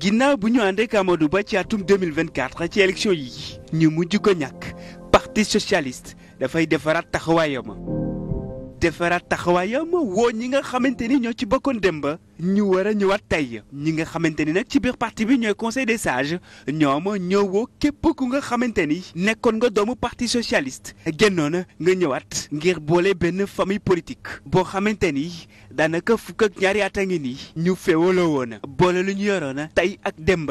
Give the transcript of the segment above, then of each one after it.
ginnaaw bu ñu àndee ak Amadou Ba ci atum 2024 ci élection yi ñu mujj ko ñàkk parti socialiste dafay defaraat taxawaayam. defaraat taxawaayam woo ñi nga xamante ni ñoo ci bokkoon dem ñu war a ñëwaat tey ñi nga xamante ni nag ci biir parti bi ñooy conseil des sages ñoom ñoo woo képp ku nga xamante ni nekkoon nga doomu parti socialiste génnoon nga ñëwaat ngir boole benn famille politique boo xamante ni daanaka fukk ak ñaari at a ngi nii ñu féewaloo woon boole lu ñu yoroon tey ak dem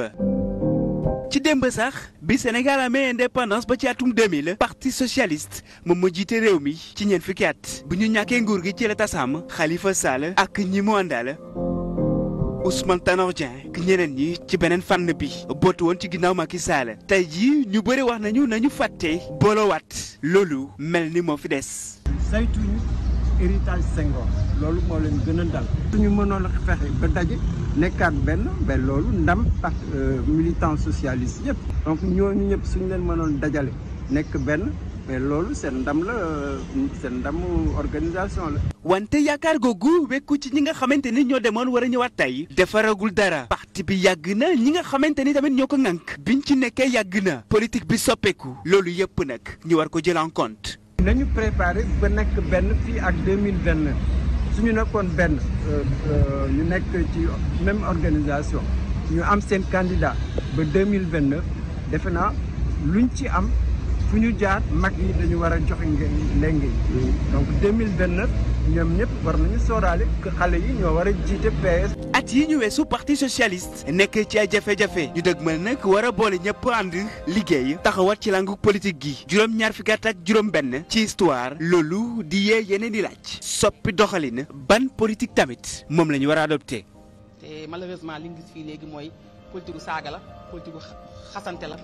ci démb sax bi Sénégal amee indépendance ba ci atum 2000 parti socialiste moom ma jiite réew mi ci ñeent fukki at bu ñu ñàkkee nguur gi ci la tasaam Khalifa Sall ak ñi mu àndaal Ousmane Tanor Dieng ak ñeneen ñi ci beneen fànn bi bootu woon ci ginnaaw Macky Sall tey jii ñu bëri wax nañu nañu fàtte boolowaat loolu mel ni moo fi des. saytuñu héritage Senghor loolu moo leen gën a dal suñu mënoon a fexe ba daje nekkaat benn ba loolu ndam tax euh, militant socialiste yëpp donc ñooñu ñëpp suñu leen mënoon dajale nekk benn mais loolu seen ndam la euh, seen ndam organisation la. wante yaakaar googu wekku ci ñi nga xamante ni ñoo demoon war a ñëwaat tey. defaragul dara. parti bi yàgg na ñi nga xamante ni tamit ñoo ko ŋànk. biñ ci nekkee yàgg na. politique bi soppeeku. loolu yëpp nag ñu war ko jël encontre nañu préparé ba nekk benn fii ak deux mille vingt neuf suñu nekkoon benn euh, euh, ñu nekk ci même organisation ñu am seen candidat ba deux mille vingt neuf defe naa luñ ci am fu ñu jaar mag yi dañu war a joxe nge lenge donc deux mille vingt neuf ñoom ñëpp war nañu sóoraale que xale yi ñoo war a jiite PS. at yi ñu weesu parti socialiste nekk ci ay jafe-jafe ñu dëgmal nag war a boole ñëpp ànd liggéey taxawat ci langu politique gi juróom-ñaar fukki ak juróom-benn ci histoire loolu di yee yeneen di laaj soppi doxalin ban politique tamit moom la ñu war a adopté. te malheureusement li ñu gis fii léegi mooy politique saaga la politique xasante la.